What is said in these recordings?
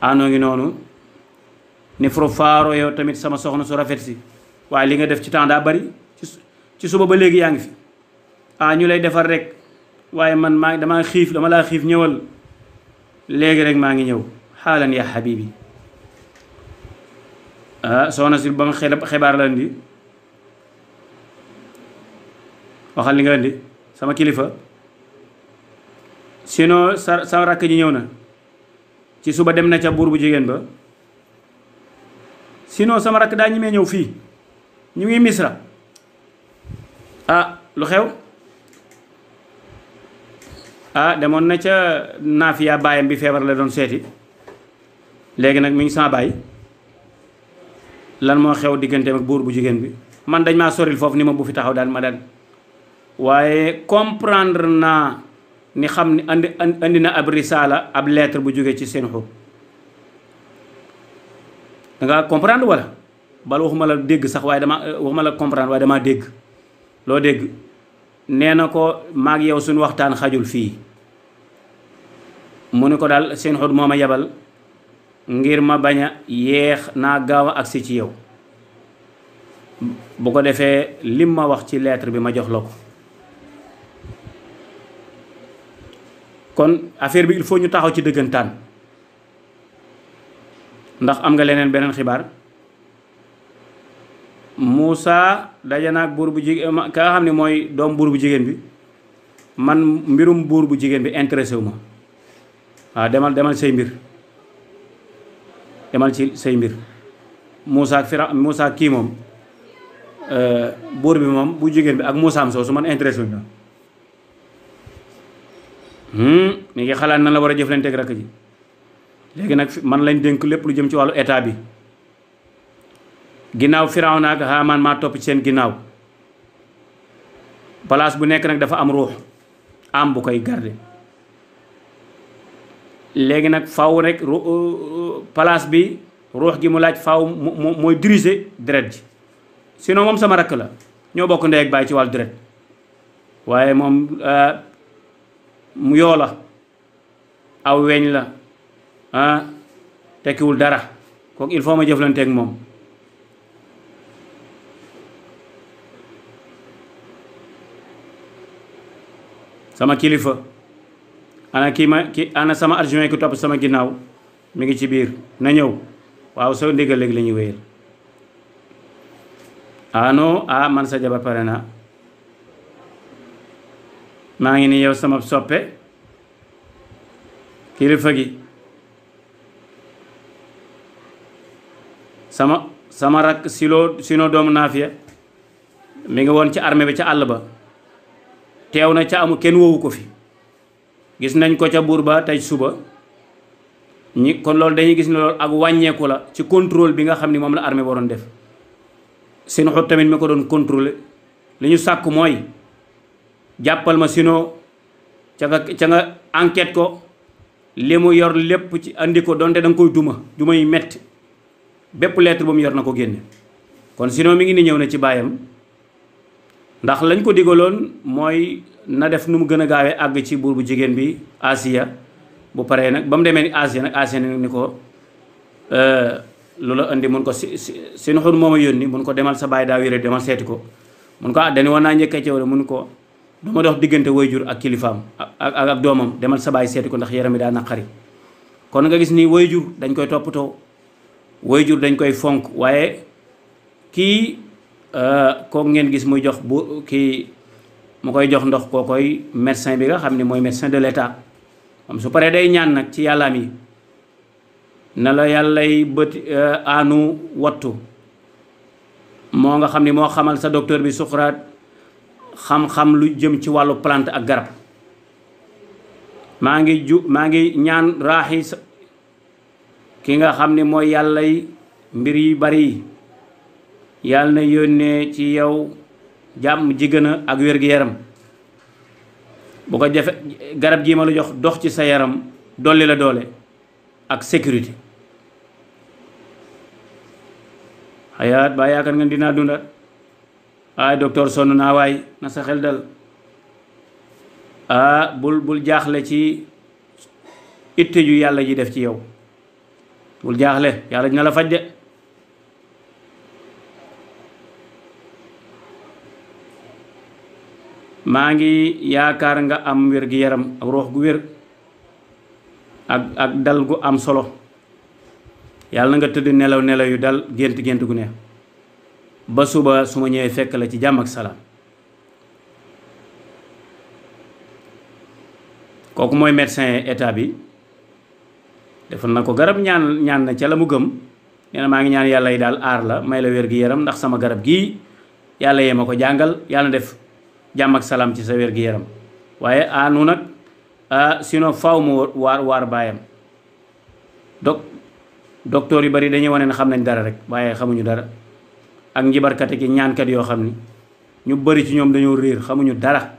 anoo ngi noonu ne foro faaro yow tamit sama soxna su rafet si waaye li nga def ci temps daa bari ci suba ba léegi yaa ngi fi ah ñu lay defar rek waaye man maa ngi damaa xiif dama laa xiif ñëwal léegi rek maa ngi ñëw xaalan yaa xabibi ah soxna si ba mu xibaar la indi waxal li nga indi sama kilifa sinon sa sa rakk ji ñëw na ci suba dem na ca buur bu jigéen ba sinon sama rakk daa ñi mee ñëw fii ñu ngi misra ah lu xew ah demoon na ca naafiya baayam bi feebar la doon seeti léegi nag mi ngi sama baay lan moo xew digganteem ak buur bu jigéen bi man dañ maa soril foofu ni ma bu fi taxaw daal ma daal waaye comprendre naa ni xam ni andi andi na ab risaala ab lettre bu jógee ci seen xub danga comprendre wala bal waxuma la dégg sax waaye dama waxuma la comprendre waaye damaa dégg loo dégg nee na ko maag yow suñ waxtaan xajul fii mu ne ko daal seen xut moo ma yebal ngir ma bañ a yeex naa gaaw a agsi ci yow bu ko defee lim ma wax ci lettre bi ma jox la ko kon affaire bi il faut ñu taxaw ci dëggantaan ndax am nga leneen beneen xibaar Moussa daje naag buur bu jigéen ka xam ne mooy doom buur bu jigéen bi man mbirum buur bu jigéen bi intéressé wu ma demal demal say mbir demal ci say mbir Moussa ak Fira kii moom euh, buur bi moom bu jigéen bi ak Moussa am soo su man intéressé wu Hmm, mi ngi xalaat nan la war a jëflanteeg rakk ji léegi nag man lañ dénk lépp lu jëm ci wàllu état bi ginnaaw Firawna ak topp ci seen ginnaaw place bu nekk nag dafa am ruux am bu koy garde léegi nag faw rek uh, uh, place bi ruux gi mu laaj faw mu mooy diriger dret ji sinon moom sama rakk la ñoo bokk ndey ak baay ci wàllu deret waaye moom uh, mu yoo la aw weñ la ah tekkiwul dara kooku il faut ma jëflanteeg moom sama kilifa ana kii ma ki ana sama adjoint ki topp sama ginnaaw mu ngi ci biir na ñëw waaw soo ndigal léegi la ñuy wéyal ano ah, a ah, man sa jabar pare na maa ngi ni yow sama soppe kilifa gi sama sama rakk siloo sino doomu naafiya mi ngi woon ci armee bi ca àll ba teew na ca amu kenn wowu ko fi gis nañ ko ca buur ba tey suba ñi kon loolu dañuy gis ne loolu ak wàññeeku la ci contrôle bi nga xam ni moom la armée waroon def seen xut tamit mi ko doon contrôler li ñu sàkk mooy jàppal ma Sino ca nga ca ko li mu yor lépp ci indi ko donte da nga koy duma duma yu metti bépp lettre bu mu yor na ko génne kon Sino mi ngi ni ñëw na ci baayam ndax lañ ko digaloon mooy na def nu mu gën a gaawee àgg ci buur bu jigéen bi Asiya bu paree nag ba mu demee ni Asiya nag Asiya nag ni ko euh, lu la indi mun ko si si si moom a yónni mun ko demal sa baay daa wéré demal seeti ko mun ko ah dañu naa njëkkee ci mun ko. du ma dox diggante wayjur ak kilifaam ak ak doomam demal sa baay seeti ko ndax yaram mi daa naqari kon nga gis ni jur dañ koy toppatoo jur dañ koy fonk waaye kii euh, kooku ngeen gis mu jox bu kii mu koy jox ndox koo koy médecin bi nga xam ne mooy médecin de l'État moom su paree day ñaan nag ci yàllaam yi na la yàllay bët euh, aanu wattu moo nga xam ni moo xamal sa docteur bi suxraat xam-xam lu jëm ci wàllu palant ak garab maa ngi ju maa ngi ñaan raaxi ki nga xam ni mooy yàlla yi mbir yi bari yi yàlla na yónnee ci yow jàmm ji a ak wér-gu-yaram bu ko jafe garab gii ma la jox dox ci sa yaram dolli la doole ak sécurité xayaat baa yaakaar nga dinaa dundat ay docteur sonn naa waay na sa xel dal ah bul bul jaaxle ci itte yu yàlla ji def ci yow bul jaaxle yàlla dina la faj de maa ngi yaakaar nga am wér gi yaram ak roox gu wér ak ak dal gu am solo yàlla na nga tëdd nelaw nelaw yu dal gént gént gu ne ba suba su ma ñëwee fekk la ci jàmm ak salaam kooku mooy médecin état bi defal na ko garab ñaan ñaan na ca la mu gëm nee maa ngi ñaan yàlla yi daal aar la may la wér gi yaram ndax sama garab gii yàlla yee ma ko jàngal yàlla def jàmm ak salaam ci sa wér gi yaram waaye aanu nag sino faw mu waar waar baayam dok docteur yu bari dañuy wane ne xam nañ dara rek waaye xamuñu dara ak njibarkat ki ñaankat yoo xam ni ñu bari ci ñoom dañoo réer xamuñu dara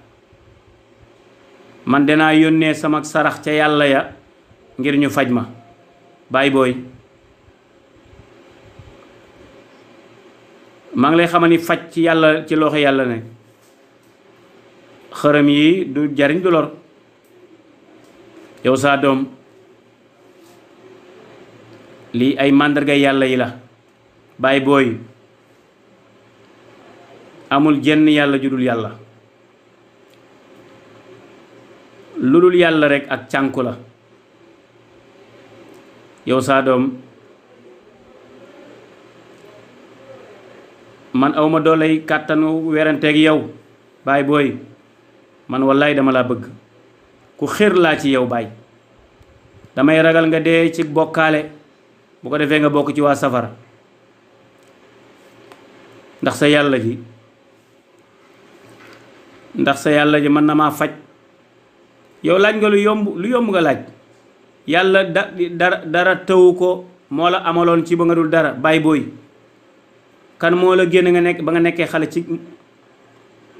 man danaa yónnee sama sarax ca yàlla ya ngir ñu faj ma baay booy maa ngi lay xamal ni faj ci yàlla ci loxo yàlla ne xërëm yi du jariñ du lor yow saa doom lii ay màndarga yàlla yi la baay booy amul jenn yàlla ju dul yàlla lu dul yàlla rekk ak cànku la yow saa doom man awma doolay kàttanu weranteeg yow baay booy man wallaay dama laa bëgg ku xér laa ci yow baay damay ragal nga dee ci bokkaale bu ko defee nga bokk ci waa safara ndax sa yàlla ji ndax sa yàlla ji mën na maa faj yow laaj nga lu yomb lu yomb nga laaj yàlla da dara dara tawu ko moo la amaloon ci ba nga dul dara baay booy kan moo la génn nga nekk ba nga nekkee xale ci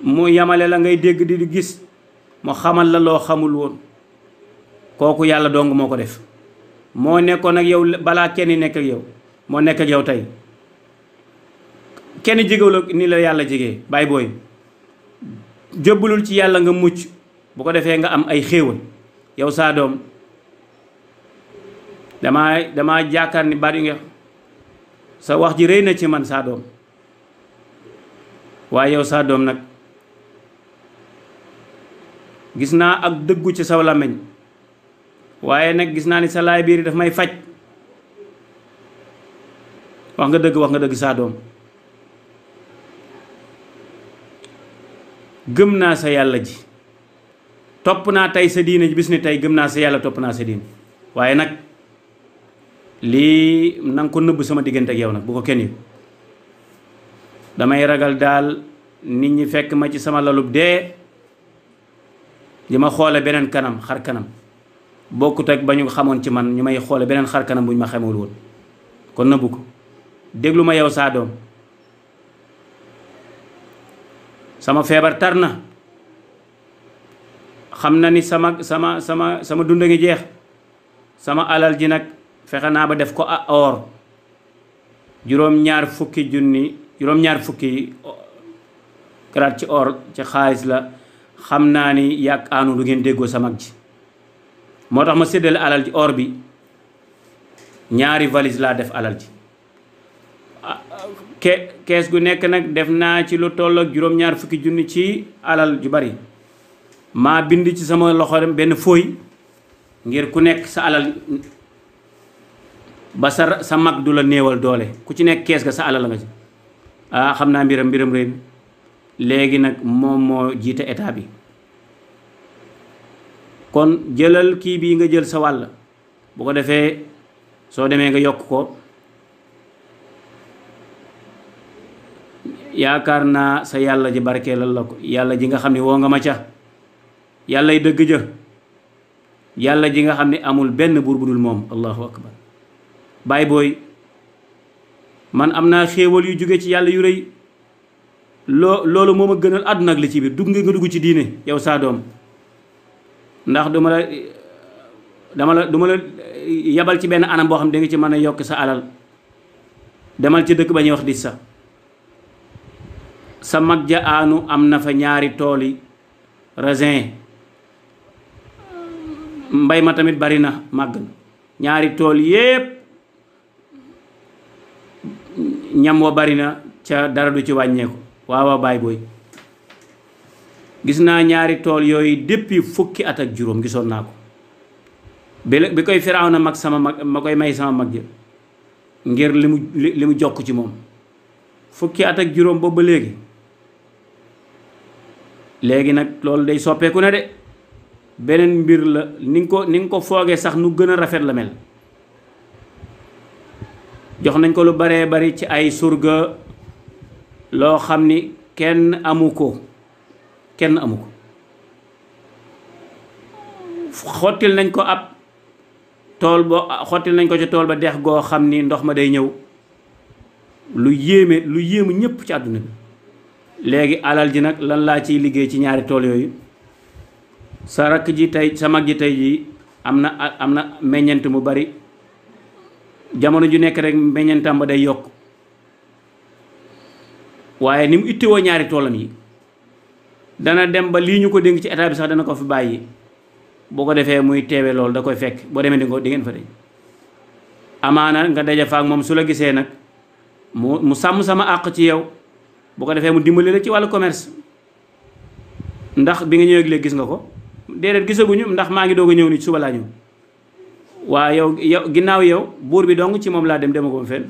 mu yamale la ngay dégg di gis mu xamal la loo xamul woon kooku yàlla dong moo ko def moo nekkoon ak yow balaa kenn nekk yow moo nekk yow tey kenn jigéw la ni la yàlla jigee baay booy jébbalul ci yàlla nga mucc bu ko defee nga am ay xéewal yow saa doom damaa damaa jaakaar ni baat nga sa wax ji rëy na ci man saa doom waaye yow saa doom nag gis naa ak dëggu ci saw làmmiñ waaye nag gis naa ni sa laay biir daf may faj wax nga dëgg wax nga dëgg saa doom gëm naa sa yàlla ji topp naa tey sa diine ji bis ni tey gëm naa sa yàlla topp naa sa diine waaye nag lii na nga ko nëbb sama diggante ak yow nag bu ko kenn yëg damay ragal daal nit ñi fekk ma ci sama lalub dee di ma xoole beneen kanam xar kanam bokkut ak ba ñu xamoon ci man ñu may xoole beneen xar kanam bu ñu ma xamul woon kon nëbbu ko déglu ma yow saa doom sama feebar tar na xam na ni sama sama sama sama dund a ngi jeex sama alal ji nag fexe naa ba def ko a or juróom-ñaar fukki junni juróom-ñaar fukki garaat ci or ci xaalis la xam naa ni yàq aanu du ngeen déggoo sama mag ji moo tax ma séddale alal ji or bi ñaari valise laa def alal ji ke kees gu nekk nag def naa ci lu toll ak juróom-ñaar fukki junni ci alal ju bari maa bind ci sama loxo benn fooy ngir ku nekk sa alal ba sa sa mag du la néewal doole ku ci nekk kees ga sa alal la nga ci ah xam naa mbiram mbiram réew léegi nag moom moo jiite état bi kon jëlal kii bii nga jël sa wàll bu ko defee soo demee nga yokk ko yaakaar naa sa yàlla ji barkeelal la ko yàlla ji nga xam ne woo nga ma ca yàllay dëgg ja yàlla ji nga xam ne amul benn buur bu dul moom allahu akbar baay booy man am naa xéewal yu jóge ci yàlla yu rëy loo loolu moom a gënal àdduna ak li ci biir dugg nga nga dugg ci diine yow saa doom ndax duma la dama la duma la yabal ci benn anam boo xam ne da nga ci mën a yokk sa alal demal ci dëkk ba ñuy wax di sa sa mag ja aanu am na fa ñaari tool yi raisin mbay ma tamit bari na màgg ñaari tool yépp ñam wa bari na ca dara du ci wàññeeku waawa baay booy gis naa ñaari tool yooyu depuis fukki at ak juróom gisoon naa ko bi koy firaaw na mag sama mag ma koy may sama mag ja ngir li mu li mu jokk ci moom fukki at ak juróom boobu léegi léegi nag loolu day soppeeku ne de beneen mbir la ni nga ko ni nga ko foogee sax nu gën a rafet la mel jox nañ ko lu baree bari ci ay surga loo xam ni kenn amu ko kenn amu ko xottil nañ ko ab tool boo xottil nañ ko ci tool ba dex goo xam ni ndox ma day ñëw lu yéeme lu yéemu ñépp ci àdduna bi léegi alal ji nag lan laa ciy liggéey ci ñaari tool yooyu sa rakk ji tey sa mag ji tey jii am na am na meññent mu bari jamono ju nekk rek meññentam ba day yokk waaye ni mu woo ñaari toolam yi dana dem ba lii ñu ko dénk ci état bi sax dana ko fi bàyyi boo ko defee muy teewe loolu da koy fekk boo demee di ko di ngeen fa de amaana nga daja faak moom su la gisee nag mu mu sàmm sama àq ci yow bu ko defee mu dimbali la ci wàllu commerce ndax bi nga ñëwee gis nga ko déedéet gisaguñu ndax maa ngi doog a ñëw ni suba laa ñëw waa yow yow ginnaaw yow buur bi dong ci moom laa dem demagum fen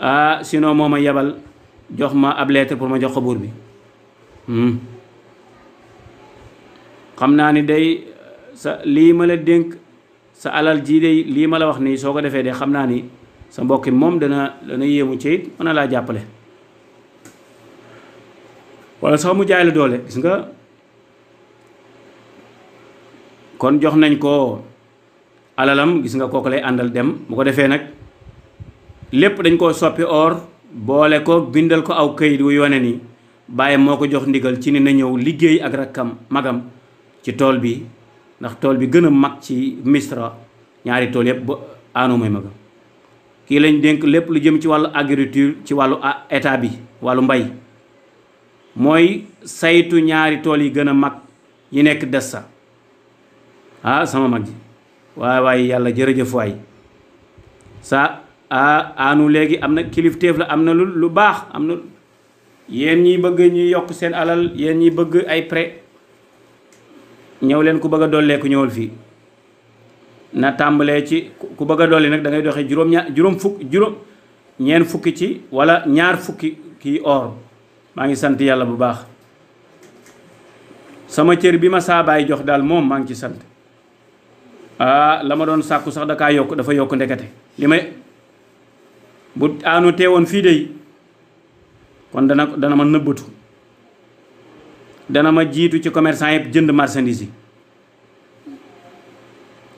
ah sinon moo ma yebal jox ma ab lettre pour ma jox ko buur bi hmm. xam naa ni day sa lii ma la dénk sa alal jii day lii ma la wax nii soo ko defee de xam naa ni sa mbokki moom dana dana yéemu ci it na laa jàppale wala sax mu jaay la doole gis nga kon jox nañ ko alalam gis nga kooku lay àndal dem bu ko defee nag lépp dañ koo soppi or boole ko bindal ko aw kayit wu yone ni bàyyi moo ko jox ndigal ci ni na ñëw liggéey ak rakkam magam ci tool bi ndax tool bi gën a mag ci mistre ñaari tool yëpp ba aano mooy magam kii lañ dénk lépp lu jëm ci wàllu agriculture ci wàllu état bi wàllu mbay mooy saytu ñaari tool yi gën a mag yi nekk des sa ah sama mag ji waaye waaye yàlla jërëjëf waay sa a anu léegi am na kilifteef la am na lu lu baax am na yéen ñi bëgg ñuy yokk seen alal yéen ñi bëgg ay prêt ñëw leen ku bëgg a dolleeku ñëwal fii na tàmbalee ci ku bëgg a dolli nag dangay ngay doxee juróom ñaar juróom fukk fukki ci wala ñaar fukki kii or maa ngi sant yàlla bu baax sama cër bi ma saa jox daal moom maa ngi ci sant ah la ma doon sàkku sax da kaa yokk dafa yokk ndekete li may bu aanu teewoon fii de kon dana dana ma nëbbatu dana ma jiitu ci commerçant yëpp jënd marchandise yi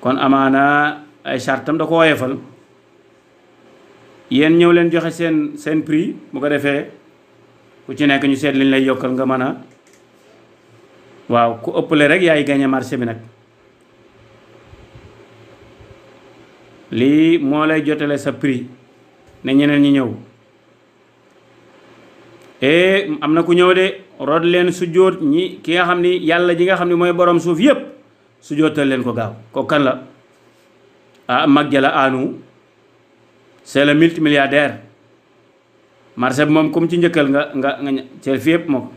kon amaana ay chartam da ko woyefal yéen ñëw joxe seen seen prix bu ko defee ku ci nekk ñu seet liñ lay yokkal nga mën a waaw ku ëppale rek yaay gañe marché bi nag lii moo lay jotale sa prix ne ñeneen ñi ñëw e am na ku ñëw de root leen sujjóot ñi ki nga xam ni yàlla ji nga xam ni mooy borom suuf yépp sujjóotal leen ko gaaw ko kan la ah mag ja la aanu c'est le multimilliardaire marché bi moom comme ci njëkkal nga nga nga cel fi yëpp moo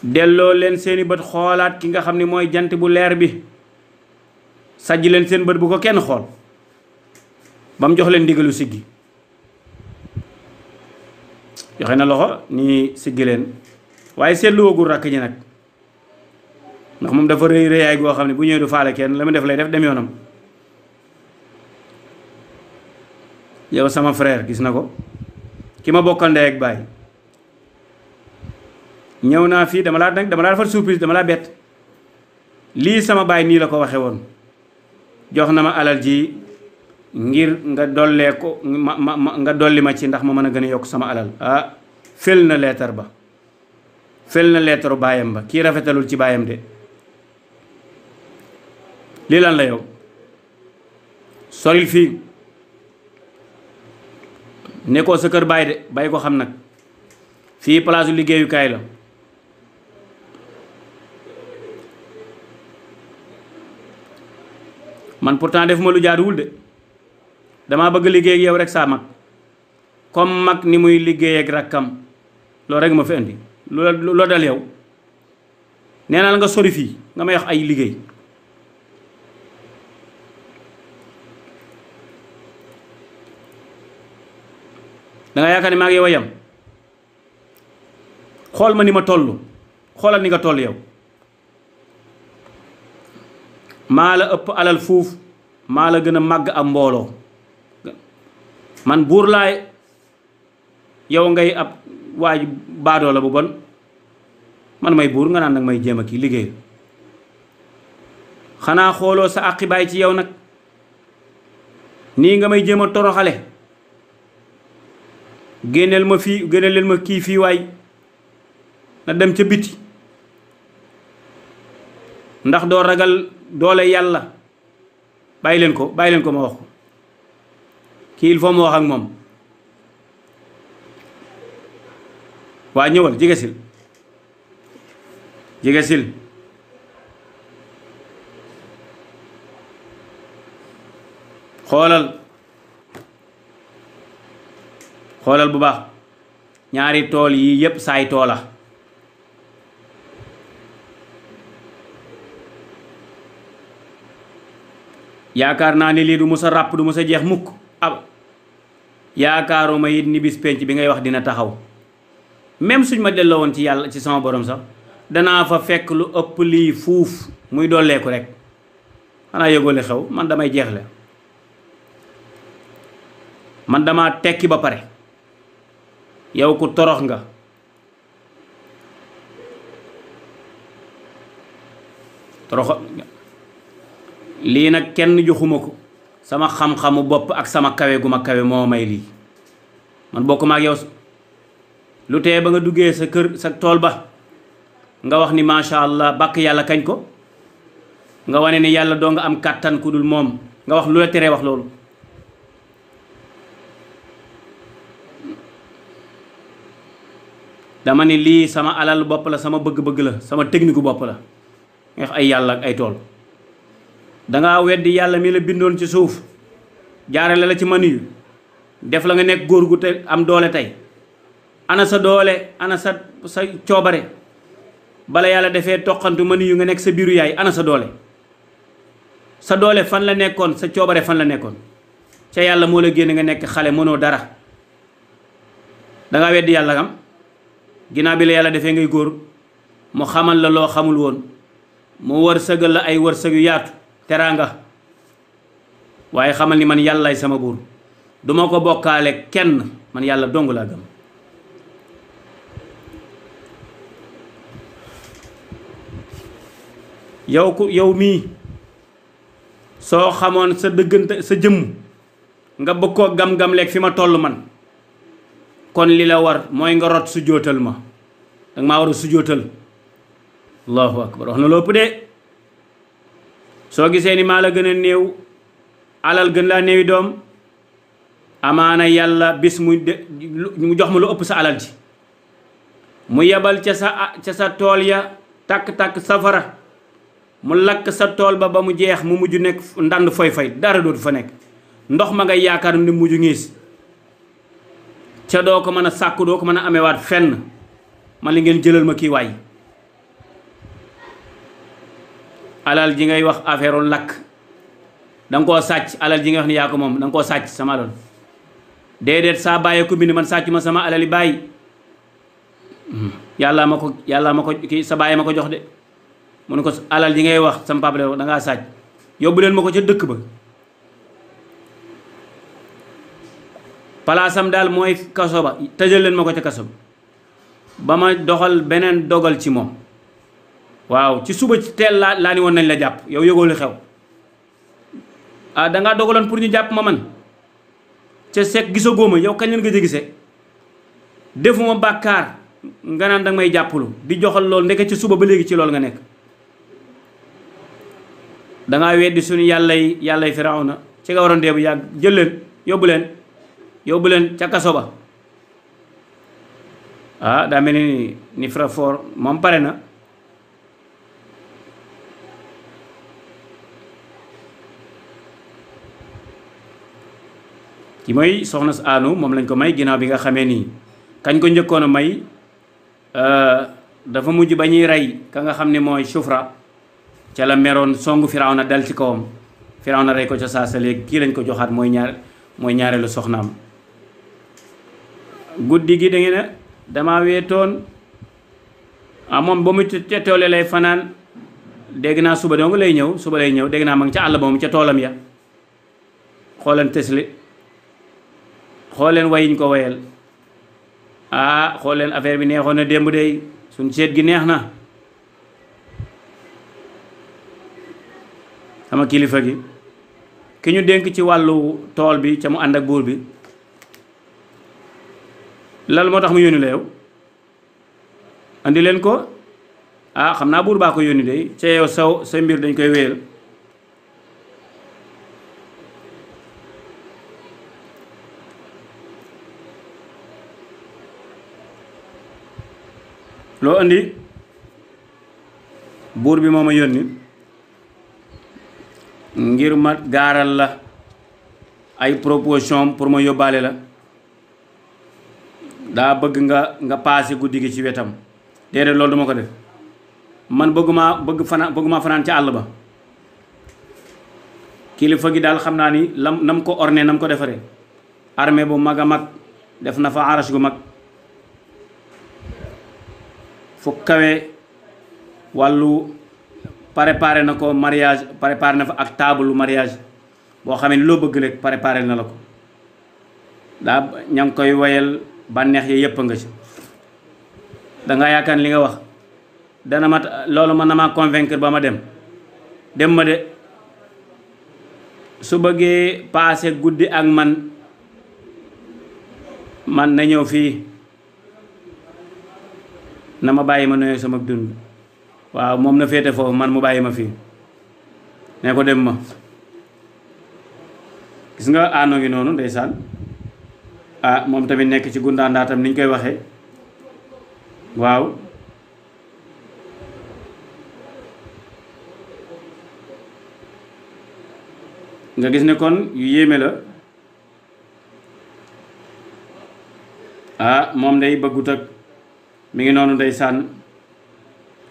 delloo leen seeni bët xoolaat ki nga xam ni mooy jant bu leer bi sajj leen seen bët bu ko kenn xool ba mu jox leen ndigalu siggi joxe na loxo nii siggi leen waaye seetlu woogul rakk ji nag ndax moom dafa rëy rëyaay goo xam ne bu ñëwee du faale kenn la mu def lay def dem yoonam yow sama frère gis na ko ki ma bokkal ndey ak baay ñëw naa fii dama laa nag dama laa defal surprise dama laa bett lii sama baay nii la ko waxe woon jox na ma alal ji ngir nga dollee nga dolli ma ci ndax ma mën a gën a yokk sama alal ah fel na leetar ba fel na leetaru baayam ba kii rafetalul ci baayam de lii lan la yow soril fii nekkoo sa kër bàyyi de bàyyi ko xam nag fii palaasu liggéeyukaay la man pourtant defuma lu jaaduwul de damaa bëgg liggéey ak rek saa mag comme mag ni muy liggéey ak rakkam loolu rek ma fi indi loo dal yow nee naa nga sori fii nga may wax ay liggéey danga yaakaar ne maa ngi yow a xool ma ni ma toll xoolal ni nga toll yow maa la ëpp alal fuuf maa la gën a màgg am mbooloo man buur laa yow ngay ab waaj baadoo la bu bon man may buur nga naan nag may jéem a kii liggéey xanaa xooloo sa àqi ci yow nag nii nga may jéem a toroxale génneel ma fii génneel leen ma kii fii waay na dem ca biti ndax doo ragal doole yàlla bàyyi leen ko bàyyi leen ko ma wax ko kii il faut ma wax ak moom waa ñëwal jegesil jegesil xoolal xoolal bu baax ñaari tool yii yépp saay toola yaakaar naa ni lii du mus ràpp du mus a jeex mukk ab yaakaaruma it ni pénc bi ngay wax dina taxaw même suñ ma delloo woon ci yàlla ci sama boroom sax danaa fa fekk lu ëpp lii fuuf muy dolleeku rekk xanaa yëgoole xew man damay jeexle man dama tekki ba pare yow ko torox nga torox lii nag kenn joxuma ko sama xam-xamu bopp ak sama kawe gu ma kawe moo may lii man bokkuma ak yow lu tee ba nga duggee sa kër sa tool ba nga wax ni macha allah bàkk yàlla kañ ko nga wane ni yàlla doo nga am kàttan ku dul moom nga wax lu la teree wax loolu dama ne lii sama alal bopp la sama bëgg-bëgg la sama tegniku bopp la wax ay yàlla ay tool dangaa weddi yàlla mi la bindoon ci suuf jaarale la ci maniyu def la nga nekk góor gu te am doole tey ana sa doole ana sa sa coobare bala yàlla defee toqantu maniyu nga nekk sa biiru yaay ana sa doole sa doole fan la nekkoon sa coobare fan la nekkoon ca yàlla moo la génne nga nekk xale mënoo dara danga weddi yàlla am ginnaaw bi la yàlla defee ngay góor mu xamal la loo xamul woon mu wërsëgal la ay wërsëg yu yaatu teraanga waaye xamal ni man yàllaay sama buur duma ko bokkaale kenn man yàlla dong laa gëm yow ku yow mii soo xamoon sa dëggante sa jëmm nga bëgg koo gam-gam fi ma toll man kon li la war mooy nga rot su jootal ma danga maa war a su jootal allahu akbar wax na lopp de soo gisee ni maa la gën a néew alal gën laa néewi doom amaana yàlla bis mu de mu jox ma lu ëpp sa alal ji mu yebal ca sa sa tool ya tàkk-tàkk safara mu lakk sa tool ba ba mu jeex mu mujj nekk ndànd foy-foy dara dootu fa nekk ndox ma nga yaakaar ni mujj ngiis ca doo ko mën a sàkku doo ko mën a waat fenn man li ngeen jëlal ma kii waay alal ji ngay wax affaire lakk danga koo sàcc alal ji ngay wax ni yaa ko moom danga koo sàcc sama alal déedéet saa bàyyee ko bind man sàcc ma sama alali bàyyi hmm. yàlla ma ko yàlla ma ko kii sa bàyyi ma ko jox de mu ne ko alal ji ngay wax sama papa dangaa ngaa sàcc yóbbu leen ma ko ca dëkk ba palaasam daal mooy kaso ba tëjal leen ma ko ca kaso bi ba ma doxal beneen dogal ci moom waaw ci suba ci teel laa laa ni woon nañ la jàpp yow yëgoo xew ah dangaa dogaloon pour ñu jàpp ma man ca sekk gisagoo ma yow kañ leen gëj gise defuma bàkkaar nga naan danga may jàppalu di joxal loolu ndeke ca suba ba léegi ci loolu nga nekk dangaa weddi suñu yàllay yàllay firawna ci nga waroon dee bu yàgg jël yóbbu leen yóbbu leen ca kaso ba ah daa mel ni ni Frapport moom pare na ki mooy soxna si Anou moom lañ ko may ginnaaw bi nga xamee nii kañ ko njëkkoon a may euh, dafa mujj ba ñuy rey ka nga xam ni mooy Soufra ca la meroon songu na dal ci kawam na rey ko ca saa sa léegi kii lañ ko joxaat mooy ñaar mooy ñaareelu soxnaam guddi gi da ngeen a dama weetoon ah, moom ba mu ca toole lay fanaan dégg naa suba dong lay ñëw suba lay ñëw dégg naa ma ngi ca àll ba moom ca toolam ya xooleen tesli xooleen wayiñ ko wayal ah xooleen affaire bi neexoon na démb dey suñ seet gi neex na sama kilifa gi ki ñu dénk ci wàllu tool bi ca mu ànd ak buur bi lal moo tax mu yónni la yow andi leen ko ah xam naa buur baa ko yónni de ca yow saw sa mbir dañ koy wéyal loo andi buur bi moo ma yónni ngir mat gaaral la ay proposition pour ma yóbbaale la daa bëgg nga nga paase guddi gi ci wetam déedéet loolu duma ko def man bëgguma bëgg fanaan bëgguma fanaan ci àll ba kilifa gi daal xam naa ni lam nam ko orné nam ko defaree armée bu mag a mag def na fa arash gu mag fu kawe wàllu préparé na ko mariage préparé na fa ak table mariage boo xamee ni loo bëgg rek préparé na la ko daa ña koy woyal bànneex ya yëpp a nga ci danga yaakaar li nga wax dana ma loolu mën na ma convaincre ba ma dem dem ma de su bëggee paase guddi ak man man na ñëw fii na ma bàyyi ma noyyi sama dund waaw moom na féete foofu man mu bàyyi ma fii ne ko dem ma gis nga àndoo ngi noonu ndeysaan ah moom tamit nekk ci gundaandaa tam koy waxe waaw nga gis ni kon yu yéeme la ah moom day bëggut ak mi ngi noonu day sànn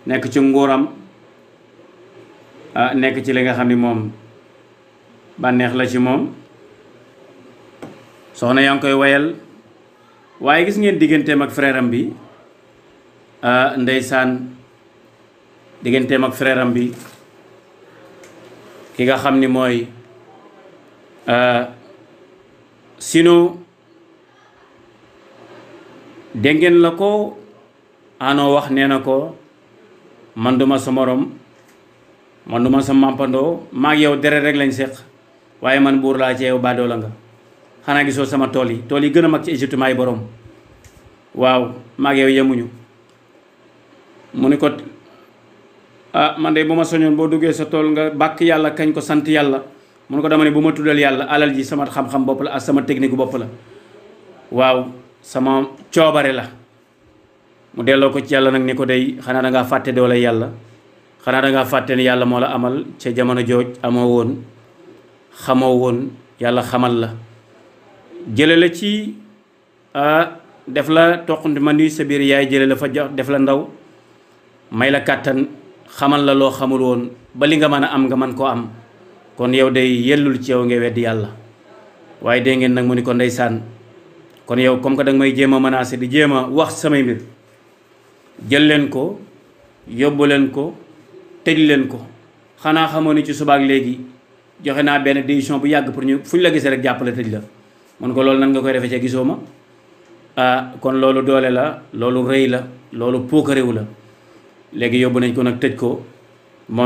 nekk ci nguuram ah nekk ci li nga xam ni moom bànneex la ci moom soxna yaa ngi koy wayal waaye gis ngeen digganteem ak frère bi ah, ndeysaan digganteem ak frère bi ki nga xam ni mooy ah, sino dégg la ko anoo wax nee na ko man duma sa morom man duma sa mampandoo maag yow deret rek lañ seq waaye man buur laa ci yow baadoo nga xanaa gisoo sama tool yi tool yi gën a mag ci Égypte maay borom waaw maag yow yemuñu mu ni ko ah man de bu ma soñoon boo duggee sa tool nga bàkk yàlla kañ ko sant yàlla mu ne ko dama ne bu ma tuddal yàlla alal ji sama xam-xam bopp la ak sama technique bopp la waaw sama coobare la mu delloo ko ci yàlla nag ni ko dey xanaa da ngaa fàtte doole yàlla xanaa da ngaa fàtte ne yàlla moo la amal ca jamono jooj amoo woon xamoo woon yàlla xamal la jële la ci def la toqanti man nuy sa biir yaay jële la fa jox def la ndaw may la kàttan xamal la loo xamul woon ba li nga mën a am nga man koo am kon yow day yellul ci yow nga weddi yàlla waaye dégg ngeen nag mu ni ko ndeysaan kon yow comme que danga may jéem a menacé di jéem a wax samay mbir jël leen ko yóbbu leen ko tëj leen ko xanaa xamoo ni ci subaak léegi joxe naa benn décision bu yàgg pour ñu fu ñu la gisee rek jàppale tëj la mun ko loolu nan nga koy defee ca gisoo ma ah, kon loolu doole la loolu rëy la loolu puukarewu la léegi yóbbu nañ ko nag tëj ko moom